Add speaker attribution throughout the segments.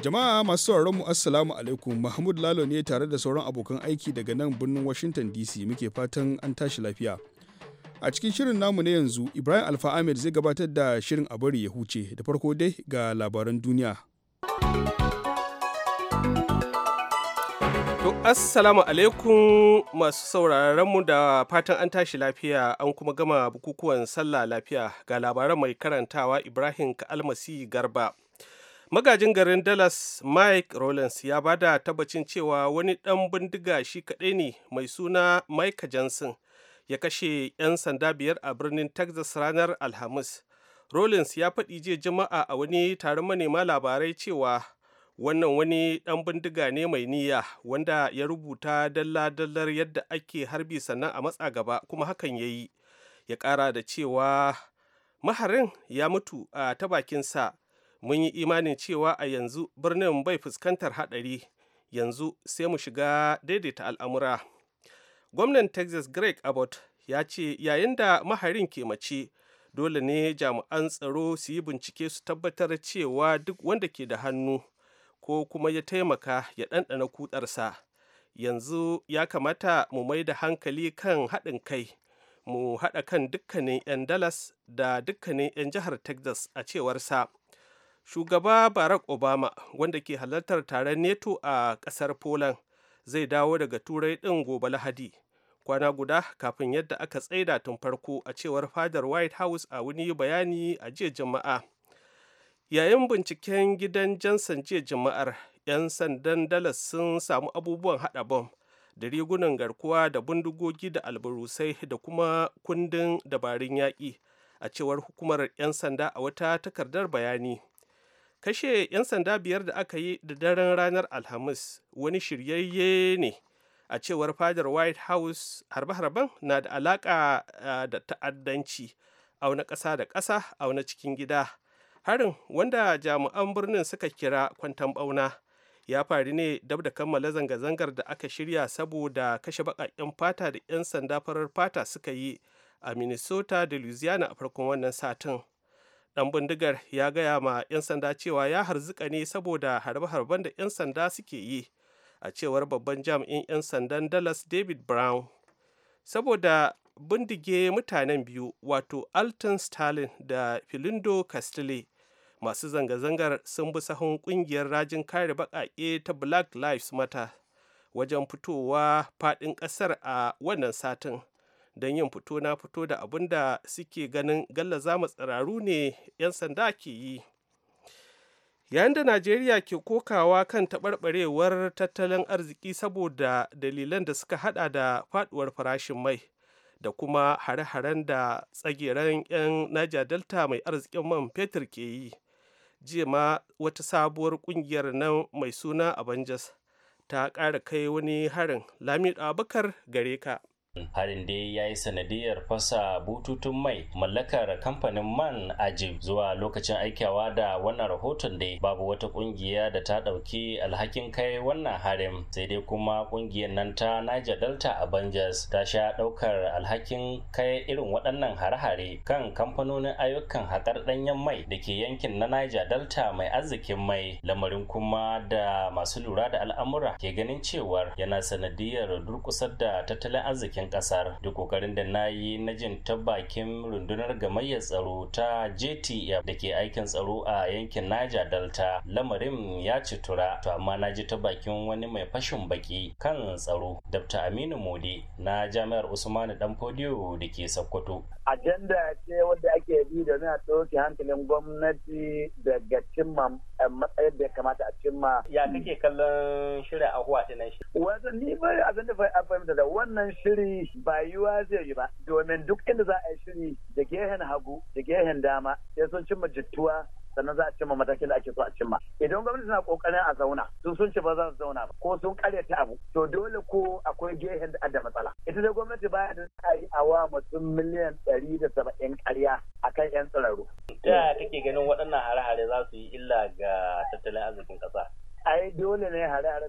Speaker 1: Jama'a masu sauraron mu Assalamu alaikum Mahmud Lalo ne tare da sauran abokan aiki daga nan birnin Washington DC muke fatan an tashi lafiya. A cikin shirin namu na yanzu Ibrahim Alfa Ahmed zai gabatar da shirin a bari
Speaker 2: ya huce da farko dai ga labaran duniya. To Assalamu alaikum masu sauraron mu da fatan an tashi lafiya an kuma gama bukukuwan sallah lafiya ga labaran mai karantawa Ibrahim kalmasi Garba. magajin garin dallas mike rollins ya bada tabbacin cewa wani dan bindiga shi kaɗai ne mai suna mike johnson ya kashe 'yan sanda biyar a birnin texas ranar alhamis rollins ya faɗi jiya jama'a a wani taron manema labarai cewa wannan wani dan bindiga ne mai niyya wanda ya rubuta dalla-dallar yadda ake harbi sannan a matsa gaba kuma hakan ya yi ya kara da cewa maharin ya mutu a ta bakinsa mun yi imanin cewa a yanzu birnin bai fuskantar haɗari yanzu sai mu shiga daidaita al'amura gwamnan texas greg abbott ya ce yayin da maharin ke mace dole ne jami'an tsaro su yi bincike su tabbatar cewa duk wanda ke da hannu ko kuma ya taimaka ya ɗanɗana kudarsa yanzu ya kamata mu mai da hankali kan haɗin kai mu haɗa kan dukkanin 'yan dallas da dukkanin 'yan jihar texas a cewarsa shugaba barack obama wanda ke halartar taron neto a ƙasar poland zai dawo daga turai din gobe lahadi kwana guda kafin yadda aka tsaida tun farko a cewar fadar white house a wani bayani a jiya jama'a yayin binciken gidan jansan jiya jama'ar 'yan sandan dallas sun samu abubuwan hada bom da rigunan garkuwa da bindigogi da alburusai da kuma kundin dabarun yaƙi a cewar hukumar 'yan sanda a wata takardar bayani kashe 'yan sanda biyar da aka yi da daren ranar alhamis wani shiryayye ne a cewar fadar white house harbe-harben na da alaka da ta'addanci auna ƙasa da ƙasa auna cikin gida harin wanda jami'an birnin suka kira kwantan bauna ya faru ne dab da kammala zanga-zangar da aka shirya saboda kashe baƙaƙen fata da 'yan sanda farar fata suka yi a minnesota da louisiana a farkon wannan satin dan bindigar ya gaya ma 'yan sanda cewa ya harzuka ne saboda harbe-harben da 'yan sanda suke yi a cewar babban jami'in 'yan sandan dallas david brown saboda bindige mutanen biyu wato alton stalin da filindo castile masu zanga-zangar sun bi sahun kungiyar rajin kare baƙaƙe ta black lives matter wajen fitowa faɗin ƙasar a wannan satin don yin fito na fito da abin da suke ganin gallaza tsiraru ne 'yan sanda ke yi yayin da najeriya ke kokawa kan taɓarɓarewar tattalin arziki saboda dalilan da suka hada da faduwar farashin mai da kuma hare-haren da tsageren 'yan naja delta mai arzikin man fetur ke yi jiya ma wata sabuwar kungiyar nan mai suna avengers ta ƙara kai wani harin lamido abakar gare ka harin dai
Speaker 3: ya yi sanadiyar fasa bututun mai mallakar kamfanin man ajib zuwa lokacin aikawa da wannan rahoton dai babu wata kungiya da ta ɗauki alhakin kai wannan harin sai dai kuma kungiyar nan ta niger delta avengers ta sha ɗaukar alhakin kai irin waɗannan hare-hare kan kamfanonin ayyukan haƙar ɗanyen mai da ke yankin na niger delta mai arzikin mai lamarin kuma da masu lura da al'amura ke ganin cewar yana sanadiyar durƙusar da tattalin arziki. bakin kasar duk kokarin da na yi na jin ta bakin rundunar gamayyar tsaro ta jtf da ke aikin tsaro a yankin naja delta lamarin ya ci tura to amma na ji ta bakin wani mai fashin baki kan tsaro dr aminu mode na jami'ar usmanu dan fodiyo da ke sokoto
Speaker 4: ajanda ce wadda ake bi da na ɗauke hankalin gwamnati daga cimma eh, matsayin da ya kamata a cimma ya
Speaker 3: kake kallon shirin ahuwa ɗinan shi wani ni ba abin
Speaker 4: da fahimta da wannan shiri shiri ba yiwuwa zai yi ba domin duk inda za a yi shiri da gehen hagu da gehen dama sai sun cimma jittuwa sannan za a cimma matakin da ake so a cimma idan gwamnati na kokarin a zauna sun sun ci ba za su zauna ba ko sun ta abu to dole ko akwai gehen da da matsala ita da gwamnati baya da ayi yi awa mutum miliyan ɗari da saba'in karya akan yan tsirarru.
Speaker 5: ta yaya kake
Speaker 3: ganin waɗannan hare-hare za su yi illa ga tattalin arzikin ƙasa.
Speaker 4: ai dole ne hare-hare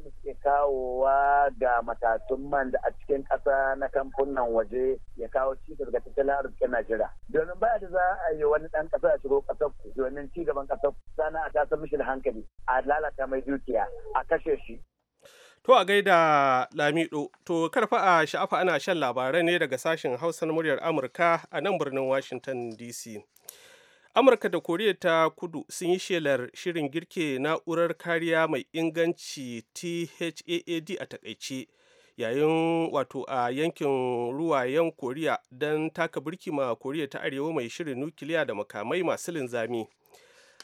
Speaker 4: kawowa ga matatun man da a cikin ƙasa na kamfunan waje ya kawo cikas ga tattalin arzikin Najeriya. Domin baya da za a yi wani ɗan ƙasa ya shigo ƙasar ku domin ci gaban ƙasar ku sana a san mishi da hankali a lalata mai dukiya a kashe shi.
Speaker 2: To a gaida Lamido, to karfa a sha'afa ana shan labarai ne daga sashen Hausa na muryar Amurka a nan birnin Washington DC. amurka da koriya ta kudu sun yi shelar shirin girke na'urar kariya mai inganci thaad a takaice yayin wato a yankin ruwayen koriya don taka birki ma koriya ta arewa mai shirin nukiliya da makamai masu linzami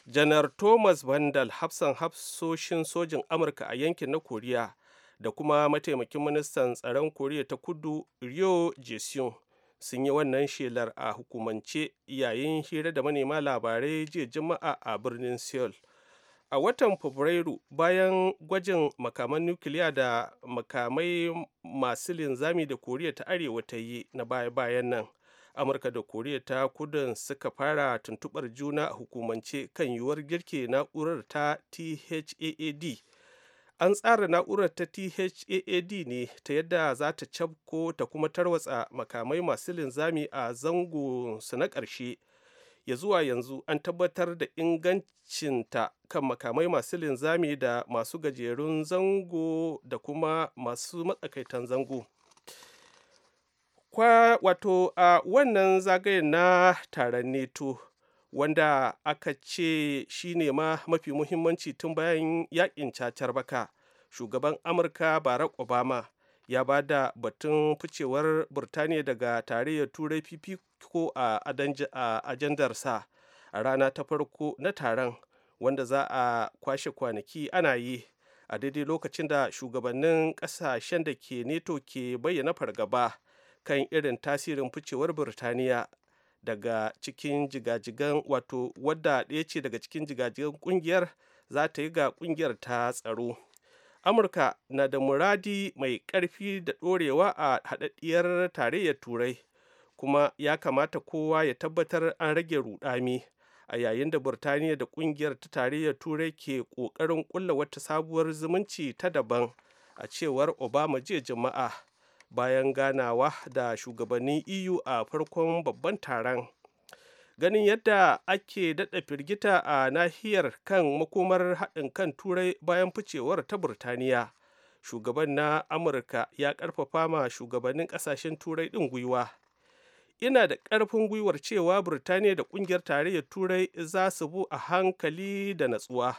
Speaker 2: janar thomas vandal hafsan hafsoshin sojin amurka a yankin na koriya da kuma mataimakin ministan tsaron koriya ta kudu rio jesion sun yi wannan shelar a hukumance yayin hira da manema labarai jiya juma'a a birnin seoul a watan fabrairu bayan gwajin makaman nukiliya da makamai masu linzami da koriya ta arewa ta yi na baya-bayan nan amurka da koriya ta kudin suka fara tuntubar juna a hukumance kan yiwuwar girke na'urar ta thaad an tsara na'urar ta thaad ne ta yadda za ta cafko ta kuma tarwatsa makamai masu linzami a zango su na ƙarshe ya zuwa yanzu an tabbatar da ingancinta kan makamai masu linzami da masu gajerun zango da kuma masu matsakaitan zango wato a wannan zagayen na taron neto wanda aka ce shi ne ma mafi muhimmanci tun bayan yakin cacar baka shugaban amurka barack obama ya ba da batun ficewar burtaniya daga tarayyar turai fifiko a ajandarsa a rana ta farko na taron wanda za a kwashe kwanaki ana yi a daidai lokacin da shugabannin kasashen da ke neto ke bayyana fargaba kan irin tasirin ficewar burtaniya daga cikin jigajigan wato wadda ɗaya ce daga cikin jigajigan kungiyar za ta yi ga kungiyar ta tsaro amurka na da muradi mai ƙarfi da ɗorewa a haɗaɗɗiyar tarayyar turai kuma ya kamata kowa ya tabbatar an rage rudami a yayin da burtaniya da ƙungiyar ta tarayyar turai ke ƙoƙarin ƙulla wata sabuwar zumunci ta daban a cewar obama jiya jama'a bayan ganawa da shugabannin eu a farkon babban taron ganin yadda ake daɗa firgita a nahiyar kan makomar haɗin kan turai bayan ficewar ta burtaniya shugaban na amurka ya ƙarfafa ma shugabannin ƙasashen turai ɗin gwiwa ina da ƙarfin gwiwar cewa burtaniya da ƙungiyar tarayyar turai za su bu a hankali da natsuwa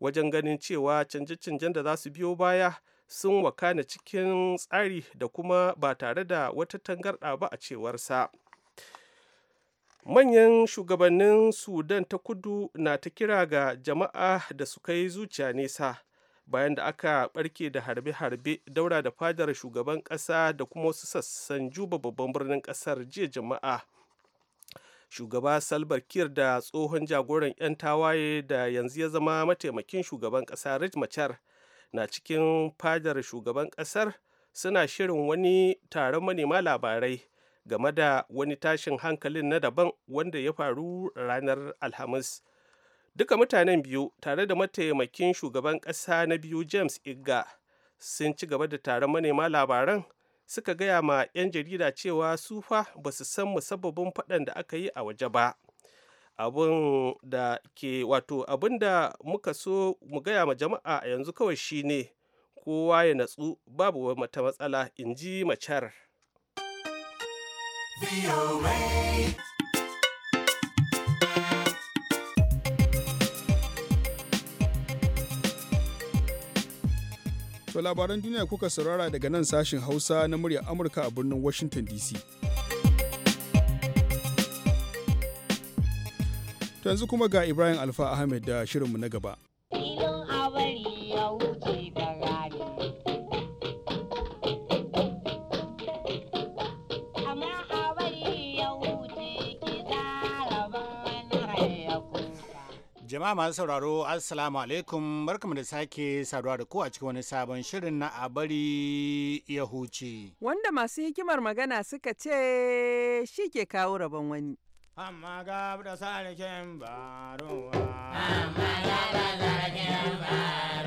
Speaker 2: wajen ganin cewa canje-canjen da za su biyo baya sun wakana cikin tsari da kuma ba tare da wata tangarɗa ba a cewarsa manyan shugabannin sudan ta kudu na ta kira ga jama'a da su kai zuciya nesa bayan da aka barke da harbe-harbe daura da fadar shugaban ƙasa da kuma wasu sassan juba babban birnin ƙasar jiya jama'a shugaba salbar da tsohon jagoran 'yan tawaye da yanzu ya zama mataimakin shugaban ƙasa rich machar na cikin fadar shugaban kasar suna shirin wani taron manema labarai game da wani tashin hankalin na daban wanda ya faru ranar alhamis duka mutanen biyu tare da mataimakin shugaban ƙasa na biyu james igga sun ci gaba da taron manema labaran suka gaya ma 'yan jarida cewa sufa ba su san musabbabin faɗan da aka yi a waje ba abin da ke wato abin da muka so mu gaya ma jama'a yanzu kawai shi ne kowa ya natsu babu mata matsala in ji macar
Speaker 1: To labaran duniya kuka saurara daga nan sashin Hausa na muryar Amurka a birnin Washington DC. To yanzu kuma ga Ibrahim Alfa Ahmed da shirinmu na gaba.
Speaker 3: Jama'a masu sauraro Assalamu alaikum barkamu da sake saduwa da ku a cikin wani sabon shirin na a bari ya huce.
Speaker 6: Wanda masu hikimar magana suka ce shi ke kawo rabon wani.
Speaker 5: amma ga da sarkin baruwa amma ga da sarkin baruwa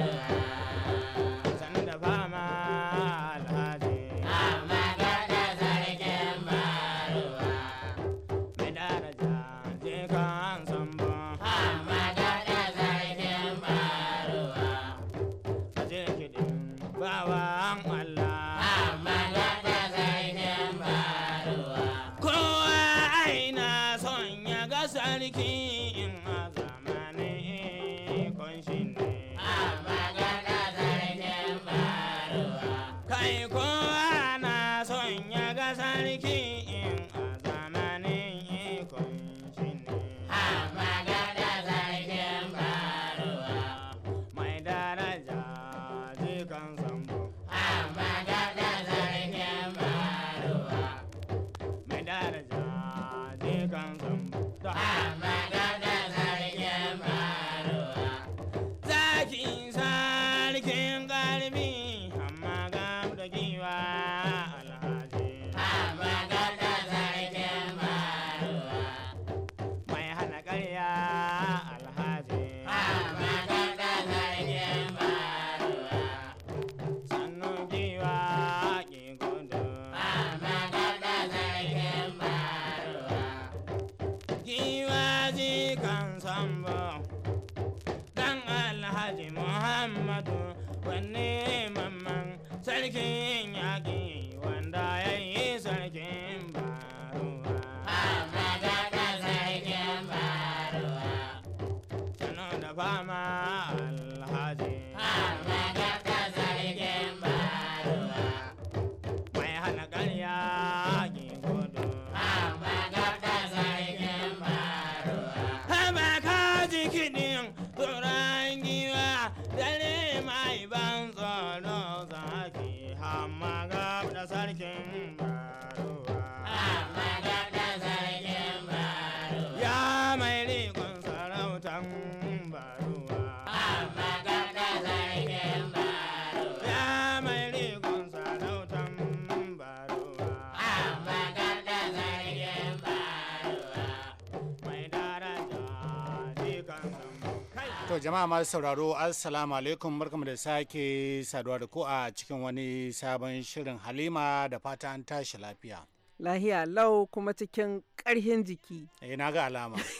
Speaker 3: To jama'a masu sauraro assalamu alaikum barkamu da sake saduwa da ku a cikin wani sabon shirin Halima da fata an tashi lafiya.
Speaker 6: Lahiya lau kuma cikin karhin jiki.
Speaker 3: Eh na ga alama.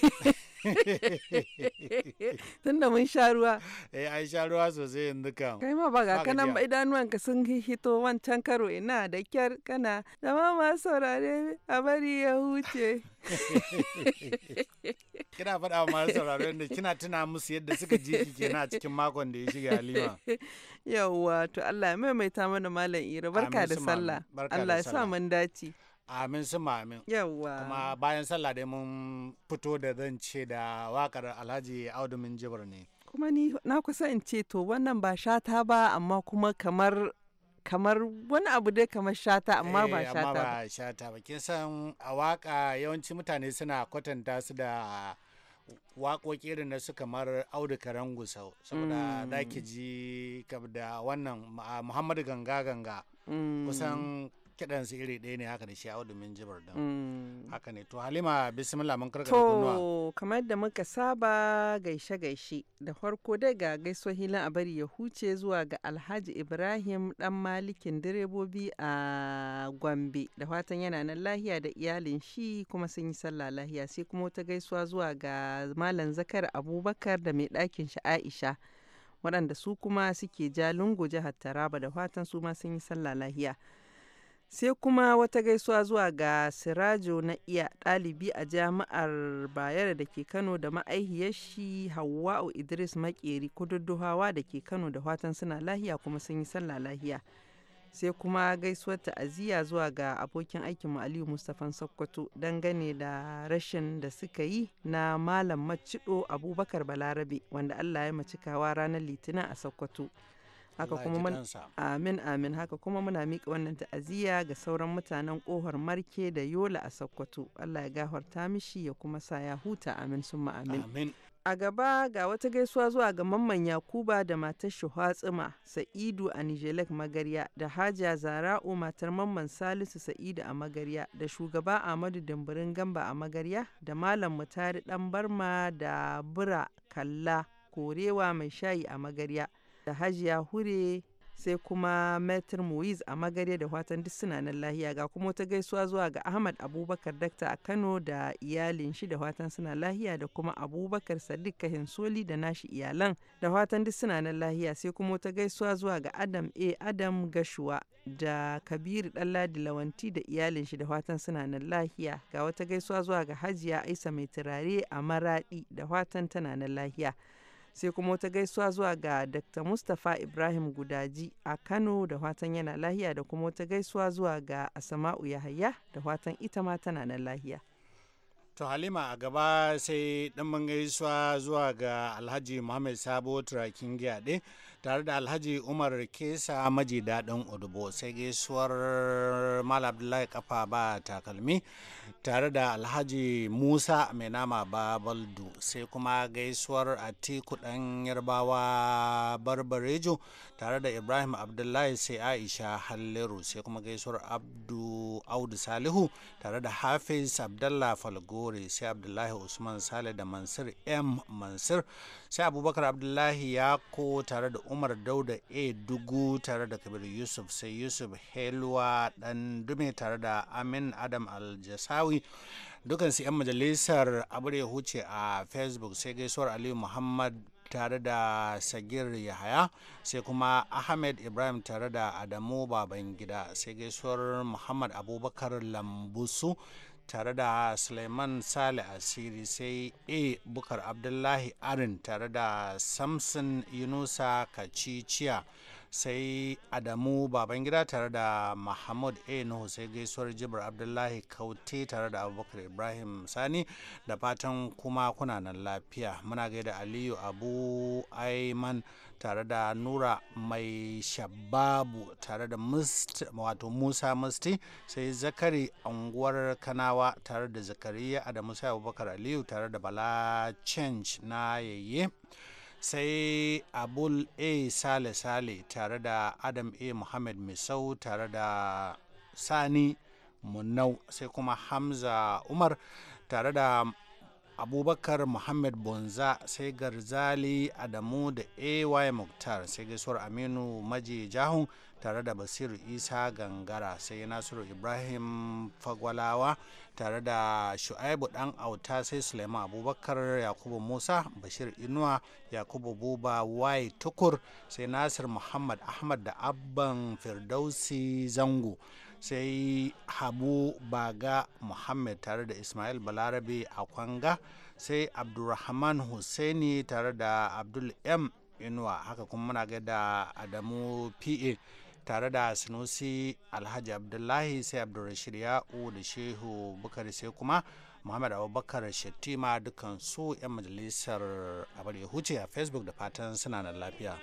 Speaker 6: Tunda mun sha ruwa.
Speaker 3: Eh an sha ruwa sosai yanzu kam. Kai ma ba ga kanan ba
Speaker 6: idanuwanka sun hito wancan karo ina da kyar kana da ma saurare a bari ya huce. kina faɗa wa masu saurare yadda kina tuna musu yadda suka ji ki kenan a cikin makon da ya shiga halima yawwa to Allah ya maimaita mana malam Ira barka da sallah Allah ya sa mun dace Amin su amin.
Speaker 3: Yawwa. Kuma bayan sallah dai mun fito da zan ce da wakar Alhaji Audu Minjibir ne.
Speaker 6: Kuma ni na kusa in ce to wannan ba shata ba amma kuma kamar kamar wani abu dai kamar shata amma ba eh, shata ba.
Speaker 3: shata ba. Kin san a waka yawanci mutane suna kwatanta su da waƙoƙi irin na su kamar audu karen gusau saboda da mm. ki ji da wannan ah, muhammadu ganga ganga mm. kusan kiɗan su iri ɗaya ne haka da shi audu min jibar din
Speaker 6: mm.
Speaker 3: haka ne to halima bismillah mun karkar to
Speaker 6: kamar da muka saba gaishe gaishe da farko dai ga gaiso hilan a bari ya huce zuwa ga alhaji ibrahim dan malikin direbobi a gombe da fatan yana nan lahiya da iyalin shi kuma sun yi sallah lahiya sai kuma wata gaisuwa zuwa ga malam zakar abubakar da mai ɗakin shi aisha waɗanda su kuma suke ja lungu jihar taraba da fatan su ma sun yi sallah lahiya Sai kuma wata gaisuwa zuwa ga Sirajo na iya ɗalibi a jami'ar Bayero da ke Kano da ma'aihiyar shi Idris Makeri kududduhawa da ke Kano da watan suna lahiya kuma sun yi sallah lahiya. sai kuma gaisuwar ta'aziyya zuwa ga abokin aikinmu Aliyu Mustapha Sokoto dangane da rashin da suka yi na Malam Macido Abubakar Balarabe wanda Allah ya ma cikawa ranar Litinin a Sokoto. haka kuma mun amin amin haka kuma muna miƙa wannan ta'aziyya ga sauran mutanen kohar marke da yola a sokoto allah ya gafarta mishi ya kuma sa ya huta amin summa amin, a gaba ga wata gaisuwa zuwa ga mamman yakuba da matar shuhatsuma sa'idu a nijelek magarya da hajiya zara'u matar mamman salisu sa'idu a magarya da shugaba amadu dimbirin gamba a magarya da malam mutari dan barma da bura kalla korewa mai shayi a magarya da hajiya hure sai kuma metr muiz a magare da watan duk suna nan lahiya ga kuma wata gaisuwa zuwa ga ahmad abubakar dakta a kano da iyalin shi da watan suna lahiya da kuma abubakar sadiq kahinsoli da nashi iyalan da watan duk suna nan lahiya sai kuma wata gaisuwa zuwa ga adam a adam gashuwa da kabiru ɗanladi lawanti da iyalin shi da watan suna nan lahiya ga wata gaisuwa zuwa ga hajiya aisa mai turare a maradi da watan tana nan lahiya sai kuma wata gaisuwa zuwa ga dr mustapha ibrahim gudaji a kano da watan yana lahiya da kuma wata gaisuwa zuwa ga asama'u yahaya da watan ita ma tana nan lahiya
Speaker 3: to halima a gaba sai dan gaisuwa zuwa ga alhaji muhammad sabo turakin giyaɗe tare da alhaji umar kesa maji daɗin odubo sai gaisuwar mal abdullahi kafa ba takalmi tare da alhaji musa mai nama babaldu sai kuma gaisuwar atiku ɗan yarbawa barbarejo tare da ibrahim abdullahi sai aisha halleru sai kuma gaisuwar abdu audu salihu tare da hafiz abdallah falgore sai abdullahi usman sale da mansur m mansur sai abubakar abdullahi ya ko tare da umar dauda a dugu tare da kabir yusuf sai yusuf helwa dan dume tare da amin adam aljasawi dukansu 'yan majalisar abure huce a facebook sai gaisuwar aliyu muhammad tare da sagir yahaya sai kuma ahmed ibrahim tare da adamu babangida sai gaisuwar muhammad abubakar lambusu tare da suleiman sale asiri sai a bukar abdullahi arin tare da samson yunusa kaciciya sai adamu babangida tare da mahmud a nuhu sai gaisuwar jibar abdullahi kaute tare da abubakar ibrahim sani da fatan kuma kuna nan lafiya muna gaida aliyu abu aiman tare da nura mai shababu tare da wato musa musti sai zakari unguwar kanawa tare da zakariya adamu sai abubakar aliyu tare da bala change na yayye sai abul a sale sale tare da adam a muhammad misau tare da sani munau sai kuma hamza umar tare da abubakar muhammad bonza sai garzali adamu da ay muktar sai gaisuwar aminu maji jahun tare da basiru isa gangara sai nasiru ibrahim fagwalawa tare da shu'aibu dan auta sai suleiman abubakar yakubu musa bashir inuwa yakubu buba wai tukur sai nasir muhammad ahmad da abban firdausi zango sai habu baga muhammad tare da ismail balarabe a kwanga sai abdulrahman hussaini tare da abdul m inuwa haka kuma muna da adamu pa tare da sinusi alhaji abdullahi sai abdulrashid ya'u da shehu bukari sai kuma muhammad abubakar shattima dukkan su 'yan majalisar abar ya huce a facebook da fatan suna nan lafiya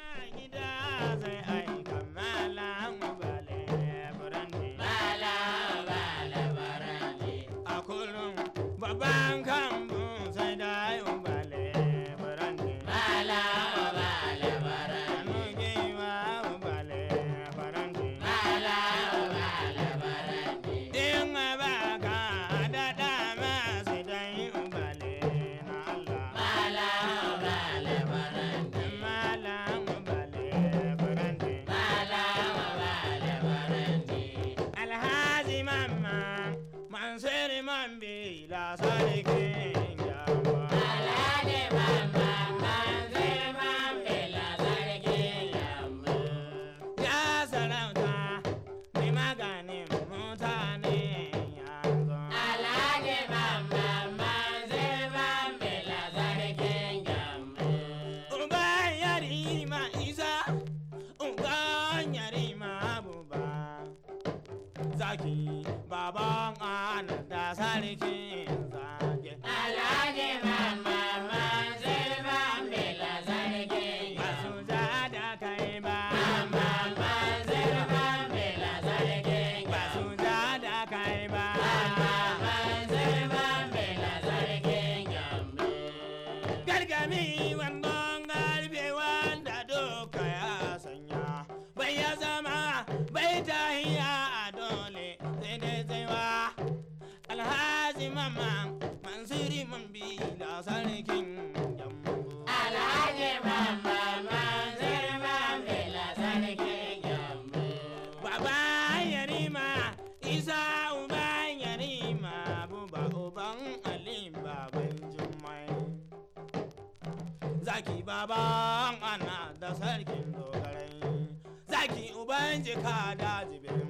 Speaker 5: baba ana da sarkin dogarai zaki uban ka da jibin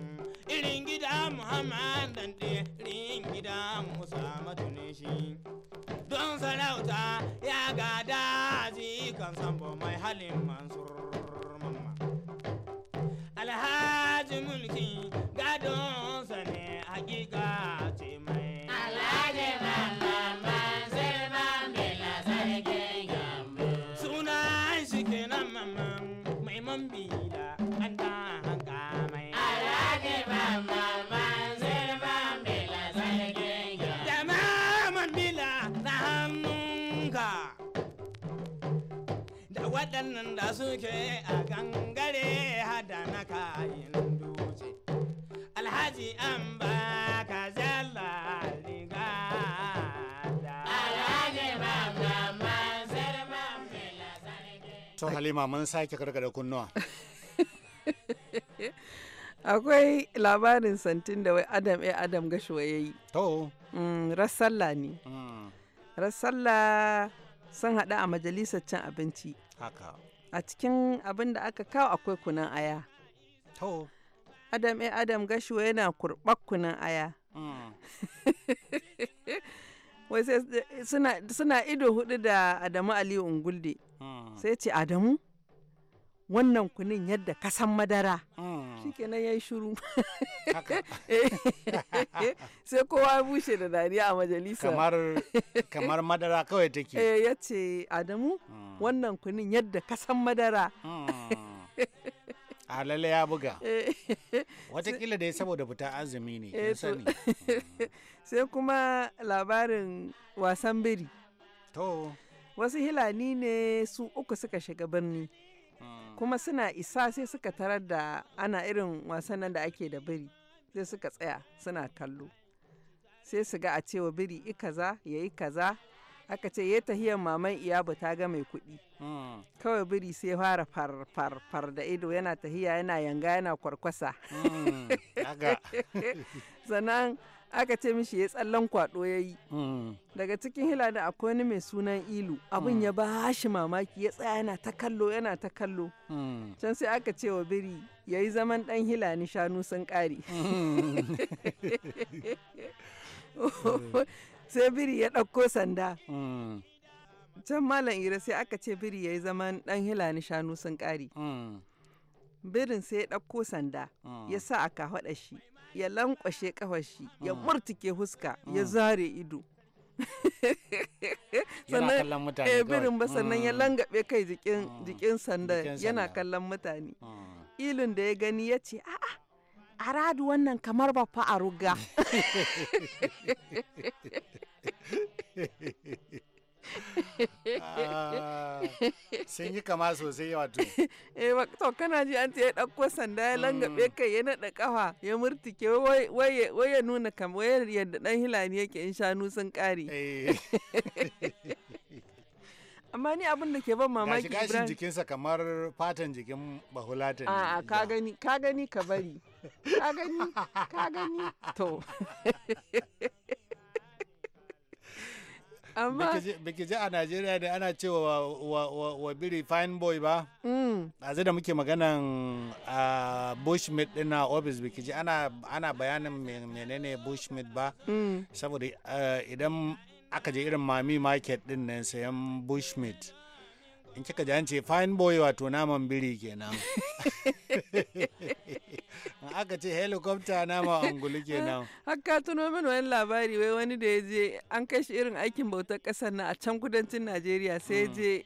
Speaker 5: irin gida muhammadan waɗannan da suke a gangare hada na kayan dutse alhaji an ba ka zalla riga
Speaker 6: to halima mun sake karkada kunnuwa akwai labarin santin da wai adam ya eh, adam gashuwa ya yi to mm, rassalla ne mm. rassalla sun haɗu a majalisar cin abinci haka a cikin abin da aka kawo akwai kunan aya to adam eh adam gashuwa yana kurɓar kunan aya mm. wai eh, suna ido hudu da adamu aliyu ungulde mm. sai ce adamu wannan kunin yadda kasan madara mm. shikenan ya yi shuru sai kowa ya bushe da dariya a majalisa
Speaker 3: kamar madara kawai take eh, ya
Speaker 6: ce adamu mm. wannan kunin yadda kasan madara mm.
Speaker 3: a ah, lalle ya buga eh. watakila da ya saboda fita azumi ne eh, sani
Speaker 6: sai kuma labarin wasan biri to wasu hilani ne su uku suka shiga birni kuma suna isa sai suka tarar da ana irin wasannan da ake da biri sai suka tsaya suna kallo sai su ga a cewa biri ikaza yayi ya yi kaza aka ce ya tahiyar maman iyabu ta ga mai kuɗi hmm. kawai biri sai fara farfar da ido yana tahiya yana yanga yana kwarkwasa hmm. sannan aka ce mishi ya tsallan kwado ya yi daga cikin hilani akwai wani mai sunan ilu abin ya ba shi mamaki ya tsaya yana ta kallo yana ta kallo can sai aka ce wa biri ya yi zaman dan hilani shanu sun kare sai biri ya ɗauko sanda can malam ira sai aka ce biri ya yi zaman dan hilani shanu sun kare birin sai ya ɗauko sanda ya sa aka haɗa shi ya lankwashe kafashi ya hmm. murtuke huska ya hmm. zare ido sannan eh, birin ba sannan ya hmm. langabe kai jikin sanda yana kallon mutane ilin da ya gani ya ce a'a a radu wannan kamar ba fa a ruga
Speaker 5: Ah,
Speaker 6: sun yi kama sosai wato eh to kana ji an ya ɗauko sanda ya langabe mm. kai ya naɗa ƙafa ya murtike wai ya nuna wai yadda ɗan hilani yake in shanu sun ƙare eh. amma ni abin da ke ban mamaki gashi gashin jikinsa
Speaker 3: kamar fatan jikin bahulata ne a'a
Speaker 6: ka gani ka gani ka bari ka gani ka gani to amma
Speaker 3: biki ji a najeriya da ana cewa wa, wa, wa, wa biri fine boy ba mm. a zai da muke maganan a bushmit din a ofis biki ji ana, ana bayanin menene bushmit ba mm. saboda eh, idan aka je irin mami market din nan sayan bushmit in kika ji an ce fine boy wato naman biri kenan
Speaker 6: aka ce helicopter nama angulu kenan haka tuno min wani labari wai wani da ya je an kai shi irin aikin bautar kasar na a can kudancin najeriya sai ya mm. je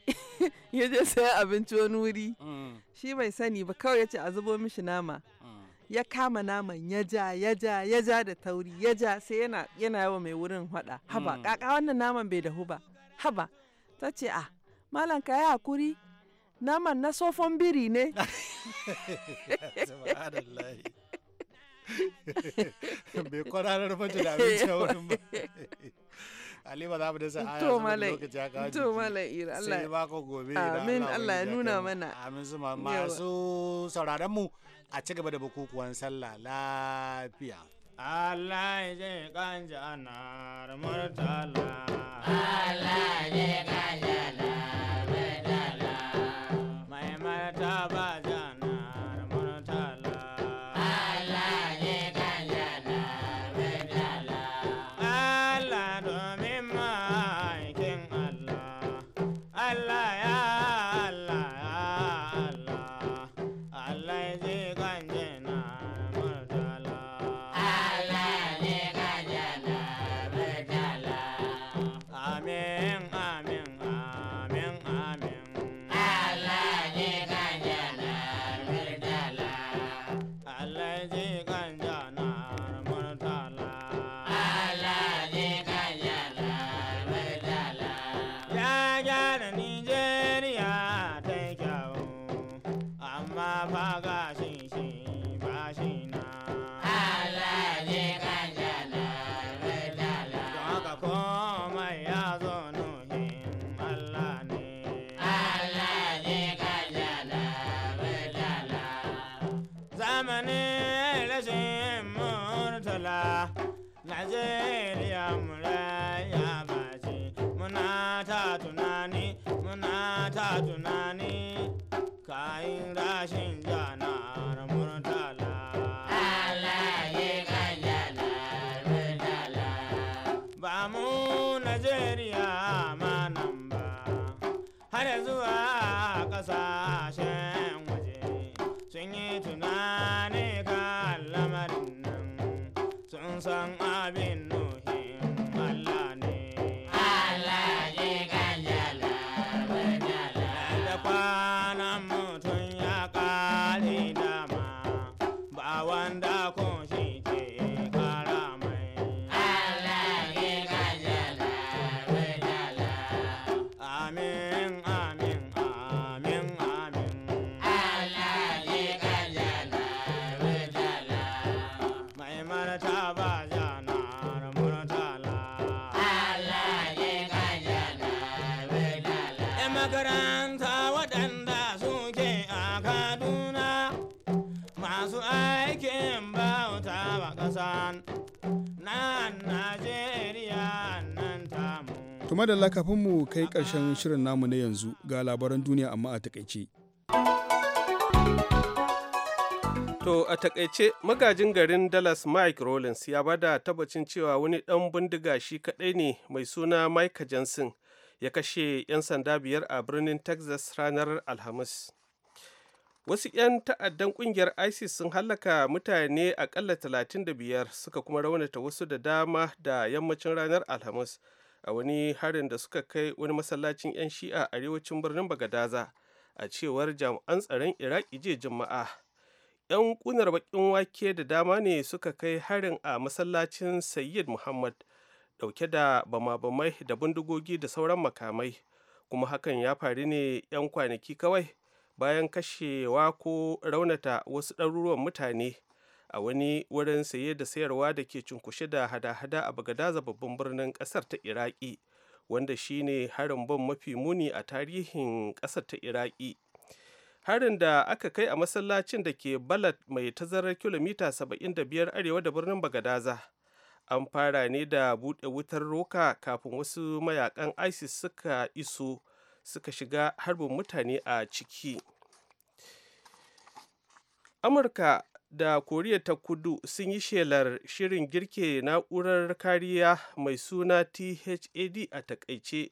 Speaker 6: ya je sayan abinci wani wuri mm. shi bai sani ba kawai ya ce a zubo mishi nama mm. ya kama naman ya ja ya ja ya ja da tauri ya ja sai yana yawa mai wurin haɗa haba kaka wannan naman bai dahu ba haba ta ce a ah, malam ka yi hakuri naman na sofon biri ne
Speaker 3: bai kwararar mace da abinci a wurin ba Ali ba za mu da sa'a to malai to malai ira Allah sai mako gobe amin Allah ya nuna mana amin zuma masu sauraron mu a ci gaba da
Speaker 5: bukukuwan sallah lafiya Allah ya je kanja anar murtala Allah ya je kanja makaranta waɗanda suke a kaduna masu aikin bauta wa ƙasa na najeriya
Speaker 1: nan tamu da kafin mu kai ƙarshen shirin namu na yanzu ga labaran duniya amma a takaice
Speaker 2: To a takaice magajin garin Dallas Mike Rollins ya bada tabbacin cewa wani ɗan bindiga shi kaɗai ne mai suna Mike Jensen ya kashe 'yan sanda biyar a birnin texas ranar alhamis wasu 'yan ta'addan kungiyar isis sun hallaka mutane akalla 35 suka kuma raunata wasu da dama da yammacin ranar alhamis a wani harin da suka kai wani masallacin 'yan shi'a a arewacin birnin bagadaza a cewar jami'an tsaron iraki jiya juma'a 'yan kunar bakin wake da dama ne suka kai harin a masallacin sayyid muhammad dauke da bama-bamai da bindigogi da sauran makamai kuma hakan ya faru ne 'yan kwanaki kawai bayan kashewa ko raunata wasu ɗaruruwan mutane a wani wurin saye da sayarwa da ke cunkushe da hada-hada a bagadaza babban birnin ƙasar ta iraki wanda shine harin bom mafi muni a tarihin ƙasar ta iraki harin da aka kai a masallacin da ke balad mai tazarar kilomita 75 arewa da birnin bagadaza an fara ne da buɗe wutar roka kafin wasu mayakan isis suka iso suka shiga harbin mutane a ciki amurka da koriya ta kudu sun yi shelar shirin girke na'urar kariya mai suna thad a takaice